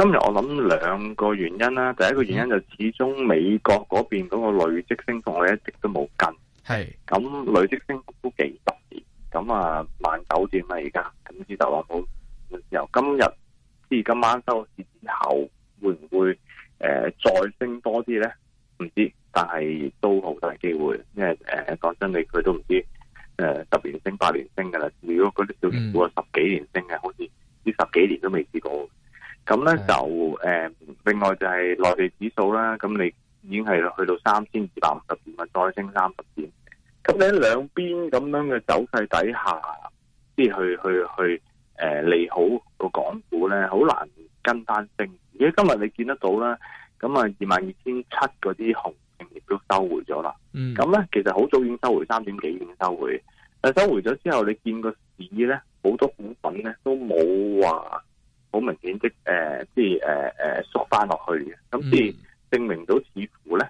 今日我諗兩個原因啦、啊，第一個原因就始終美國嗰邊嗰個累積升幅，我一直都冇跟。係，咁累積升幅都幾十年咁啊萬九點啊而家，咁知就啊好。由今日至今晚收市之後，會唔會誒、呃、再升多啲咧？唔知道，但係都好大機會，因為誒講真你佢都唔知誒、呃、十年升八年升噶啦，如果嗰啲小盤股啊十幾年升嘅，好似呢十幾年都未試過。嗯嗯咁咧就誒，另外就係內地指數啦。咁你已經係去到三千二百五十點，咪再升三十點。咁你兩邊咁樣嘅走勢底下，即係去去去誒、呃、利好個港股咧，好難跟單升。而且今日你見得到啦，咁啊二萬二千七嗰啲熊證亦都收回咗啦。咁、嗯、咧其實好早已經收回三點幾，已經收回。但收回咗之後，你見個市咧好多股份咧都冇話。好明顯即誒，即係誒誒縮翻落去嘅，咁即係證明到似乎咧，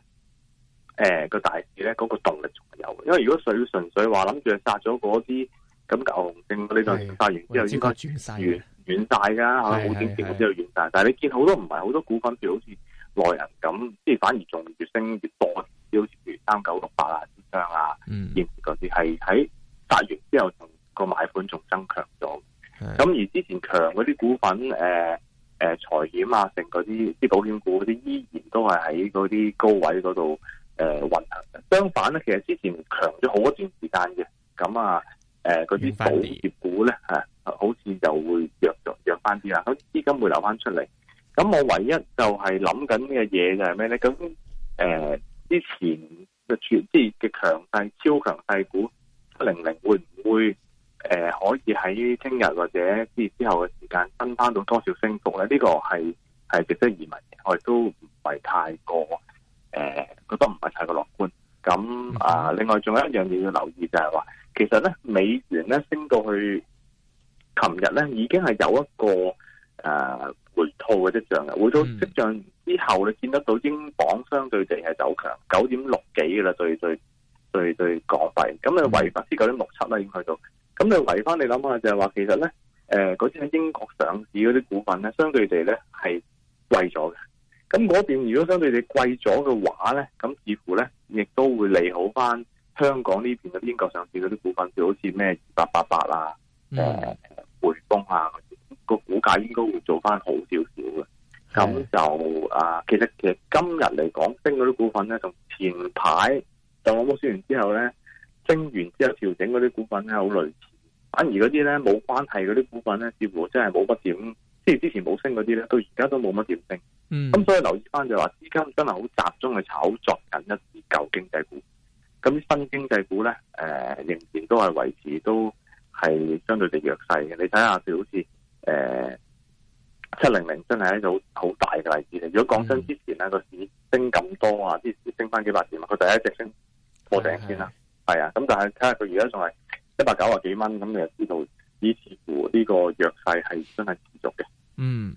誒、呃、個大市咧嗰個動力仲係有，因為如果水純粹話諗住係殺咗嗰啲咁牛熊證，呢就殺完之後應該轉晒完完晒噶吓，好典型，之後道完晒。但係你見好多唔係好多股份，譬如好似內銀咁，即係反而仲越升越多，好似三九六八啊、天章啊，甚至係喺殺完之後同個買盤仲增強咗。咁而之前強嗰啲股份，誒、呃、誒，財、呃、險啊，成嗰啲啲保險股嗰啲，依然都係喺嗰啲高位嗰度誒運行嘅。相反咧，其實之前強咗好一段時間嘅，咁、嗯、啊，誒嗰啲保業股咧，好似就會弱弱弱翻啲啦。嗰啲資金會流翻出嚟。咁、嗯、我唯一就係諗緊嘅嘢就係咩咧？咁誒、呃，之前嘅全即係嘅強勢超強勢股七零零會唔會？誒、呃，可以喺聽日或者之之後嘅時間跟翻到多少升幅咧？呢，這個係係值得疑問嘅，我亦都唔係太過誒，覺得唔係太過樂觀。咁啊、呃，另外仲有一樣嘢要留意就係話，其實咧美元咧升到去，琴日咧已經係有一個誒回吐嘅跡象嘅，回吐跡象，象之後你見得到英鎊相對地係走強，九點六幾嘅啦，對對對對港幣，咁啊維持喺九點六七啦，嗯、已經去到。咁你圍翻你諗下，就係話其實咧，誒嗰啲喺英國上市嗰啲股份咧，相對地咧係貴咗嘅。咁嗰邊如果相對地貴咗嘅話咧，咁似乎咧亦都會利好翻香港呢邊嘅英國上市嗰啲股份，就好似咩八八八啊，匯、嗯、豐啊，個股價應該會做翻好少少嘅。咁就啊，其實其實今日嚟講升嗰啲股份咧，同前排就我冇算完之後咧，升完之後調整嗰啲股份咧，好類似。反而嗰啲咧冇關係嗰啲股份咧，似乎真係冇乜點，即係之前冇升嗰啲咧，到而家都冇乜點升。咁、嗯嗯、所以留意翻就係話，資金真係好集中去炒作緊一啲舊經濟股，咁新經濟股咧，誒仍然都係維持都係相對地弱勢嘅。你睇下，佢好似誒七零零真係一種好大嘅例子嘅。如果講真，之前咧個、嗯、市升咁多啊，啲升翻幾百點，佢第一隻升破頂先啦。係啊，咁但係睇下佢而家仲係。一百九啊幾蚊，咁你就知道，以似乎呢個弱勢係真係持續嘅。嗯。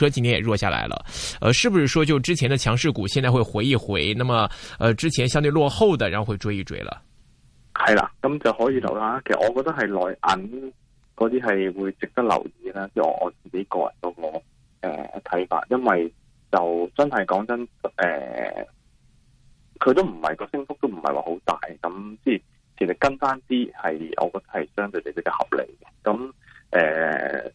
可今年也弱下來了，呃，是不是說就之前的強勢股現在會回一回？那麼，呃，之前相對落後的，然後會追一追了。係啦，咁就可以留啦。其實我覺得係內銀嗰啲係會值得留意啦，即係我自己個人嗰、嗰個誒睇、呃、法。因為就真係講真，誒、呃，佢都唔係個升幅都唔係話好大，咁即係其實跟翻啲係，我覺得係相對嚟比較合理嘅。咁誒。呃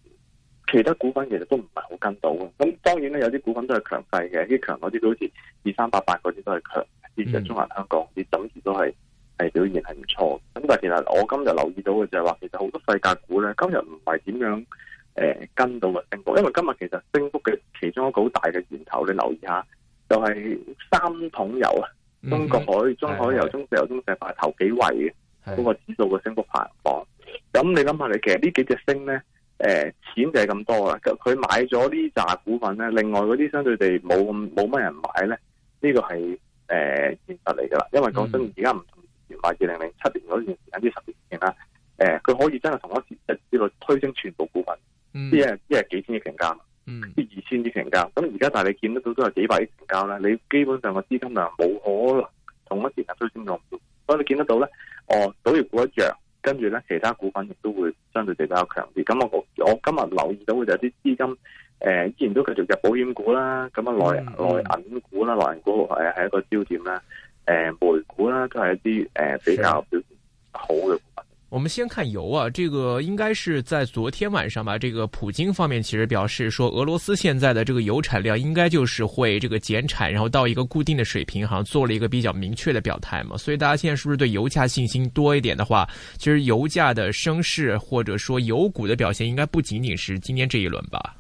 其他股份其實都唔係好跟到嘅，咁當然咧，有啲股份都係強勢嘅，啲強嗰啲都好似二三八八嗰啲都係強，啲、嗯、嘅中銀香港啲等都係係表現係唔錯。咁但係其實我今日留意到嘅就係話，其實好多細價股咧今日唔係點樣誒、呃、跟到個升幅，因為今日其實升幅嘅其中一個好大嘅源頭，你留意一下就係、是、三桶油啊，中國海、中海油、中石油、中石化頭幾位嘅嗰個指數嘅升幅排行榜。咁、嗯、你諗下，你其實呢幾隻升咧？誒，錢就係咁多啦。佢買咗呢扎股份咧，另外嗰啲相對地冇咁冇乜人買咧，呢、這個係誒、呃、現實嚟噶啦。因為講真，而家唔同前排二零零七年嗰段時間呢十年前啦。誒、呃，佢可以真係同一時間之內推升全部股份，呢嘢即係幾千億成交，嗯，二千億成交。咁而家但係你見得到都有幾百億成交咧，你基本上個資金量冇可能同一時間推升咗，所以你見得到咧，哦，賭業股一樣。跟住咧，其他股份亦都會相對比較強啲。咁我我今日留意到嘅就係啲資金，誒、呃、依然都繼續入保險股啦，咁啊內銀內銀股啦，內銀股係係一個焦點啦，誒、呃、煤股啦都係一啲誒、呃、比較好嘅。我們先看油啊，這個應該是在昨天晚上吧。這個普京方面其實表示說，俄羅斯現在的這個油產量應該就是會這個減產，然後到一個固定的水平，好像做了一個比較明確的表態嘛。所以大家現在是不是對油價信心多一點的話，其實油價的升勢或者說油股的表現，應該不僅僅是今天這一輪吧？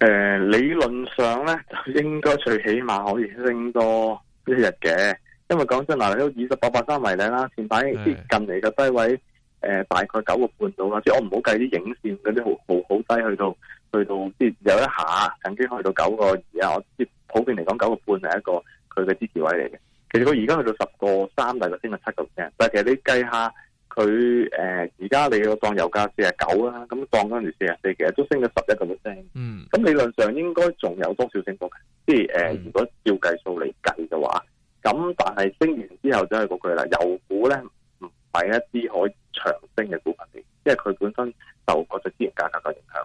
呃，理論上呢，應該最起碼可以升多一日嘅，因為講真都以二十八八三為頂啦，前排即近嚟嘅低位。誒、呃，大概九個半到啦，即、就、係、是、我唔好計啲影線嗰啲好好好低，去到去到，即、就、係、是、有一下曾經去到九個二啊！我即普遍嚟講，九個半係一個佢嘅支持位嚟嘅。其實佢而家去到十個三大，大概升咗七個 percent。但係其實你計下佢誒，而家、呃、你個當油價四啊九啦，咁當陣時四啊四，其實都升咗十一個 percent。嗯，咁理論上應該仲有多少升幅？即係誒，呃 mm. 如果照計數嚟計嘅話，咁但係升完之後真係嗰句啦，油股咧唔係一支可以長升嘅股份嚟，因為佢本身受國際資源價格嘅影響。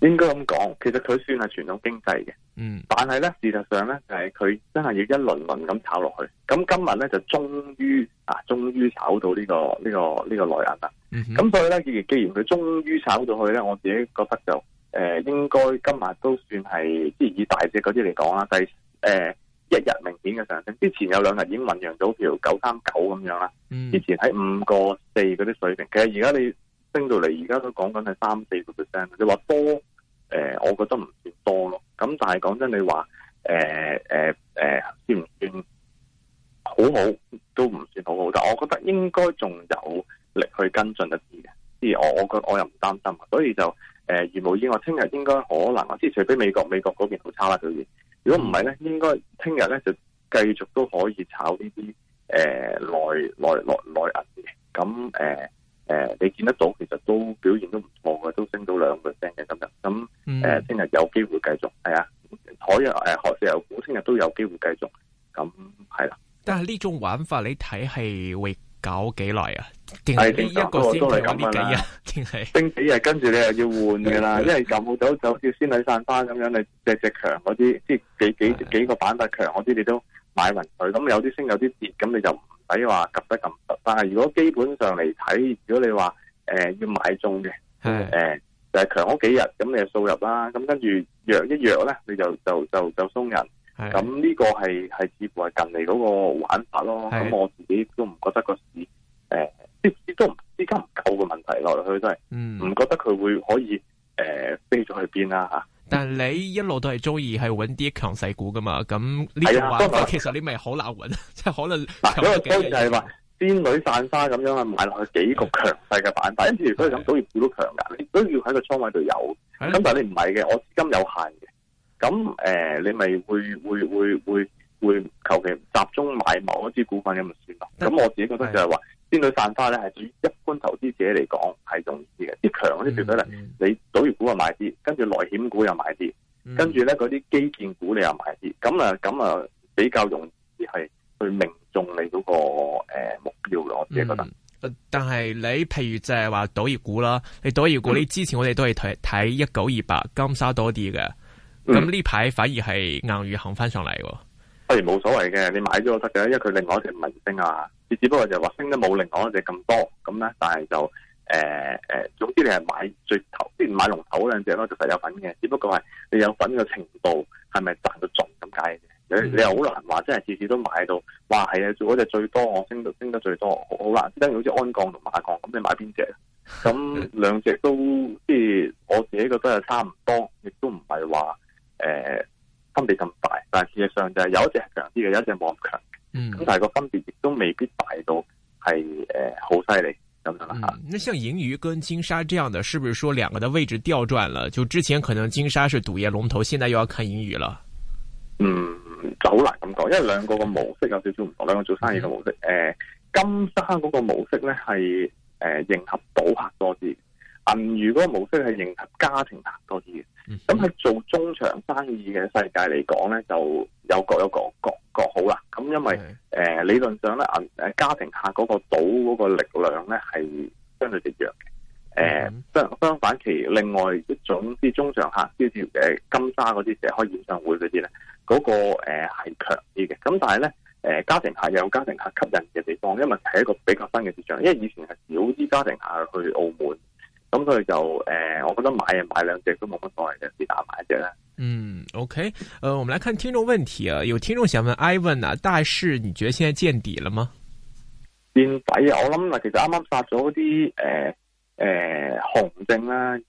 應該咁講，其實佢算係傳統經濟嘅，嗯，但係咧，事實上咧就係、是、佢真係要一輪輪咁炒落去。咁今日咧就終於啊，終於炒到呢、這個呢、這個呢、這個內銀啦。咁、嗯、所以咧，既然既然佢終於炒到去咧，我自己覺得就誒、呃，應該今日都算係即係以大隻嗰啲嚟講啦，第、就、誒、是呃、一日明顯嘅上升。之前有兩日已經醞釀到條九三九咁樣啦，之前喺五個四嗰啲水平，嗯、其實而家你升到嚟，而家都講緊係三四個 percent，你話多。誒、呃，我覺得唔算多咯，咁但係講真你說，你話誒誒誒，算唔算好都算好都唔算好好，但我覺得應該仲有力去跟進一啲嘅，即係我我我我又唔擔心，所以就誒，如無意外我聽日應該可能，我之除非美國美國嗰邊好差啦，所以如果唔係咧，應該聽日咧就繼續都可以炒呢啲誒內內內內銀嘅，咁、呃、誒。誒、呃，你見得到其實都表現都唔錯嘅，都升到兩個 percent 嘅今日，咁誒，聽、嗯、日、呃、有機會繼續係啊，台日誒，學石油股聽日都有機會繼續，咁係啦。但係呢種玩法，你睇係會搞幾耐啊？係呢一個先、啊，佢、嗯、搞呢、啊、幾日、啊，升幾日，跟住你又要換噶啦。因為咁好早，就要仙女散花咁樣，你只只強嗰啲，即係幾幾幾個板塊強嗰啲，你都買匀佢。咁有啲升，有啲跌，咁你就。話及得但係如果基本上嚟睇，如果你話誒、呃、要買中嘅，誒、呃、就係、是、強嗰幾日，咁你就掃入啦，咁跟住弱一弱咧，你就若若你就就就鬆人，咁呢個係係似乎係近嚟嗰個玩法咯。咁我自己都唔覺得個市誒，亦亦都資金夠嘅問題落嚟，都係唔覺得佢會可以誒、呃、飛咗去邊啦吓。啊。但你一路都係中意係揾啲強勢股噶嘛？咁呢個其實你咪好難揾，即係、啊、 可能嗱，嗰個當然係話，仙女散花咁樣啊，買落去幾個強勢嘅板塊。因為所以咁，到月票都強噶，都要喺個倉位度有。咁但係你唔係嘅，我資金有限嘅。咁誒、呃，你咪會會會會會求其集中買某一支股份咁就算啦。咁我自己覺得就係話。Okay. 仙女散花咧？係對於一般投資者嚟講係重視嘅，啲強嗰啲跌得嚟，你賭業股啊買啲，跟住內險股又買啲，嗯，跟住咧嗰啲基建股你又買啲，咁啊咁啊比較容易係去命中你嗰個目標嘅，我自己覺得。嗯、但係你譬如就係話賭業股啦，你賭業股、嗯、你之前我哋都係睇睇一九二八金沙多啲嘅，咁呢排反而係銀娛行翻上嚟喎。當然冇所謂嘅，你買咗就得嘅，因為佢另外一隻唔係升啊，你只不過就話升得冇另外一隻咁多咁咧，但係就誒誒、呃，總之你係買最頭，即係買龍頭嗰兩隻咯，就實有份嘅，只不過係你有份嘅程度係咪賺到盡咁解嘅，你你又好難話，即係次次都買到，哇係啊，做嗰隻最多，我升到升得最多好，好難，即係好似鞍鋼同馬鋼咁，你買邊隻？咁兩隻都即係我自己覺得係差唔多，亦都唔係話誒。呃分別咁大，但係事實上就係有一隻係強啲嘅，有一隻冇咁強嘅。嗯，咁但係個分別亦都未必大到係誒好犀利咁樣啦。那像銀娛跟金沙這樣嘅，是不是說兩個的位置調轉了？就之前可能金沙是賭業龍頭，現在又要看銀娛了？嗯，就好難咁講，因為兩個個模式有少少唔同，兩個做生意嘅模式。誒、嗯呃，金沙嗰個模式咧係誒迎合賭客多啲，銀娛嗰個模式係迎合家庭客多啲嘅。咁、嗯、喺、嗯、做中場生意嘅世界嚟講咧，就有各有各各各好啦。咁因為誒、呃、理論上咧銀誒家庭客嗰個賭嗰個力量咧係相對弱嘅。誒、呃、相相反其另外一種啲中場客，啲啲誒金沙嗰啲成日開演唱會嗰啲咧，嗰、那個誒係強啲嘅。咁、呃、但係咧誒家庭客又有家庭客吸引嘅地方，因為係一個比較新嘅市場，因為以前係少啲家庭客去澳門。咁佢就誒、呃，我覺得買啊買兩隻都冇乜所謂，嘅，試打買一隻啦。嗯，OK，誒、呃，我們來看聽眾問題啊，有聽眾想問 Ivan 啊，大市你覺得現在見底了嗎？見底啊，我諗嗱，其實啱啱殺咗啲誒誒紅證啦、啊，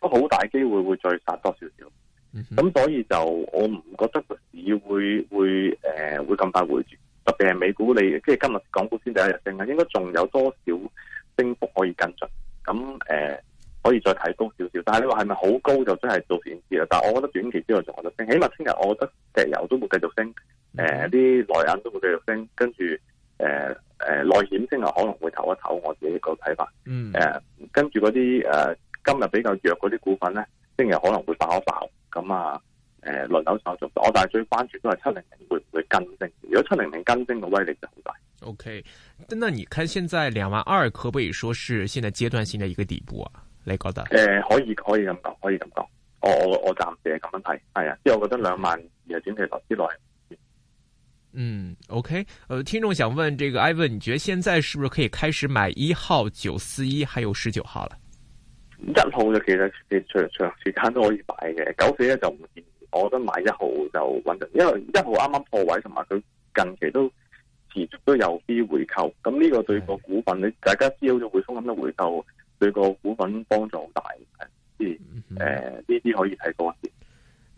都好大機會會再殺多少少，咁、嗯、所以就我唔覺得市會會誒、呃、會咁快回轉，特別係美股你即係今日港股先第一日升啊，應該仲有多少升幅可以跟進，咁誒。呃可以再提高少少，但係你話係咪好高就真係做短示啦？但係我覺得短期之後仲有得升，起碼聽日我覺得石油都會繼續升，誒啲內銀都會繼續升，跟住誒誒內險聽日可能會投一投，我自己個睇法。誒、呃、跟住嗰啲誒今日比較弱嗰啲股份咧，聽日可能會爆一爆。咁啊誒、呃、輪流炒作，我但係最關注都係七零零會唔會跟升？如果七零零跟升嘅威力就好大。OK，那你看現在兩萬二可唔可以說是現在階段性嘅一個底部啊？你覺得？誒、呃，可以可以咁講，可以咁講。我我我暫時係咁樣睇，係啊，即係我覺得兩萬而係短期落之內。嗯，嗯，OK，誒、呃，聽眾想問這個 Ivan，你覺得現在是不是可以開始買一號九四一，還有十九號啦？一號就其實長長時間都可以買嘅，九四一就唔建議，我覺得買一號就穩陣，因為一號啱啱破位，同埋佢近期都持續都有啲回購，咁呢個對個股份咧，你大家知好似匯豐咁嘅回購。對個股份幫助好大，誒、呃，呢啲可以睇多啲。誒、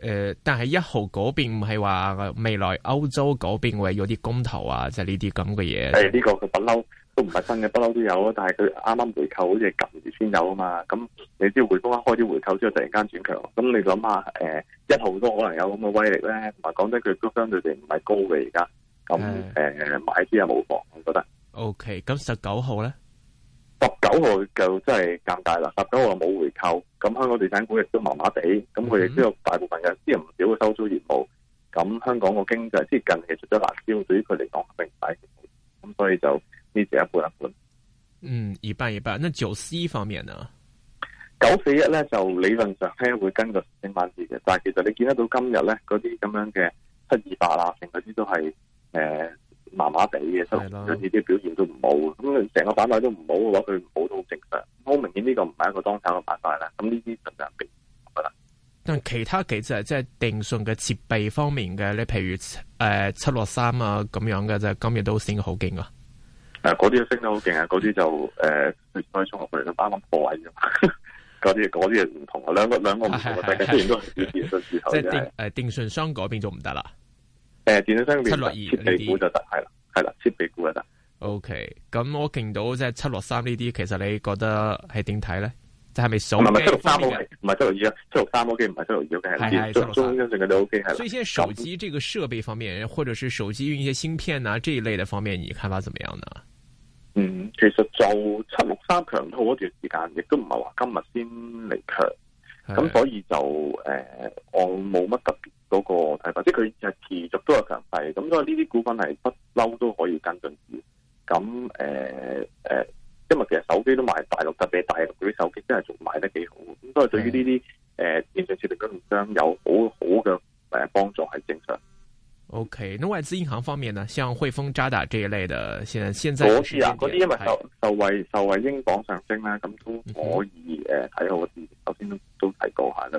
嗯嗯，但係一號嗰邊唔係話未來歐洲嗰邊會有啲公投啊，即係呢啲咁嘅嘢。誒，呢、這個佢不嬲都唔係新嘅，不嬲都有咯。但係佢啱啱回購好似係近住先有啊嘛。咁你知匯豐一開啲回購之後突然間轉強，咁你諗下，誒、呃，一號都可能有咁嘅威力咧，同埋講真，佢都相對地唔係高嘅而家。咁誒、呃，買啲又冇妨？我覺得。O K，咁十九號咧？十九號就真係尷尬啦，十九號冇回購，咁香港地產股亦都麻麻地，咁佢亦都有大部分嘅啲唔少嘅收租業務，咁香港個經濟即係近期出咗辣招，對於佢嚟講並唔大，咁所以就呢隻一半一半。嗯，一半一半。那九四一方面啊，九四一咧，就理論上咧，會跟住升翻啲嘅，但係其實你見得到今日咧嗰啲咁樣嘅七二八啊，成啲都係誒。呃麻麻地嘅，時候呢啲表現都唔好，咁成個板塊都唔好嘅話，佢唔好都好正常。好明顯呢個唔係一個當炒嘅板塊啦。咁呢啲純屬平啦。但其他幾隻即係電訊嘅設備方面嘅，你譬如誒七六三啊咁樣嘅、呃呃 呃 哎哎，就今日都升得好勁噶。啊，嗰啲升得好勁啊，嗰啲就誒開始衝落嚟，就啱啱破位咁。嗰啲嗰啲唔同啊，兩個兩個唔同啊，大家係電訊即係電誒電訊商嗰邊就唔得啦。誒、呃，電子產七六二設備股就得，係啦，係啦，設備股就得。O K，咁我見到即係七六三呢啲，其實你覺得係點睇咧？即係咪七六三唔係七六二啊，七六三 O K，唔係七六二 O K 所以先手機這個設備方面，或者是手機用一些芯片啊，這一類嘅方面，你看法怎麼樣呢？嗯，其實做七六三強套嗰段時間，亦都唔係話今日先嚟強，咁所以就誒、呃，我冇乜特別。嗰個睇法，即係佢係持續都有強勢，咁所以呢啲股份係不嬲都可以跟進住。咁誒誒，因為其實手機都賣大陸特別，大陸嗰啲手機真係仲賣得幾好。咁所以對於呢啲誒，電信設備供應商有好好嘅誒幫助係正常。O K，咁外資銀行方面呢，像匯豐、渣打這一類嘅，現現在我知啊，啲因為受受惠受惠英鎊上升啦，咁都可以誒睇、嗯呃、好啲。首先都都提告下啦。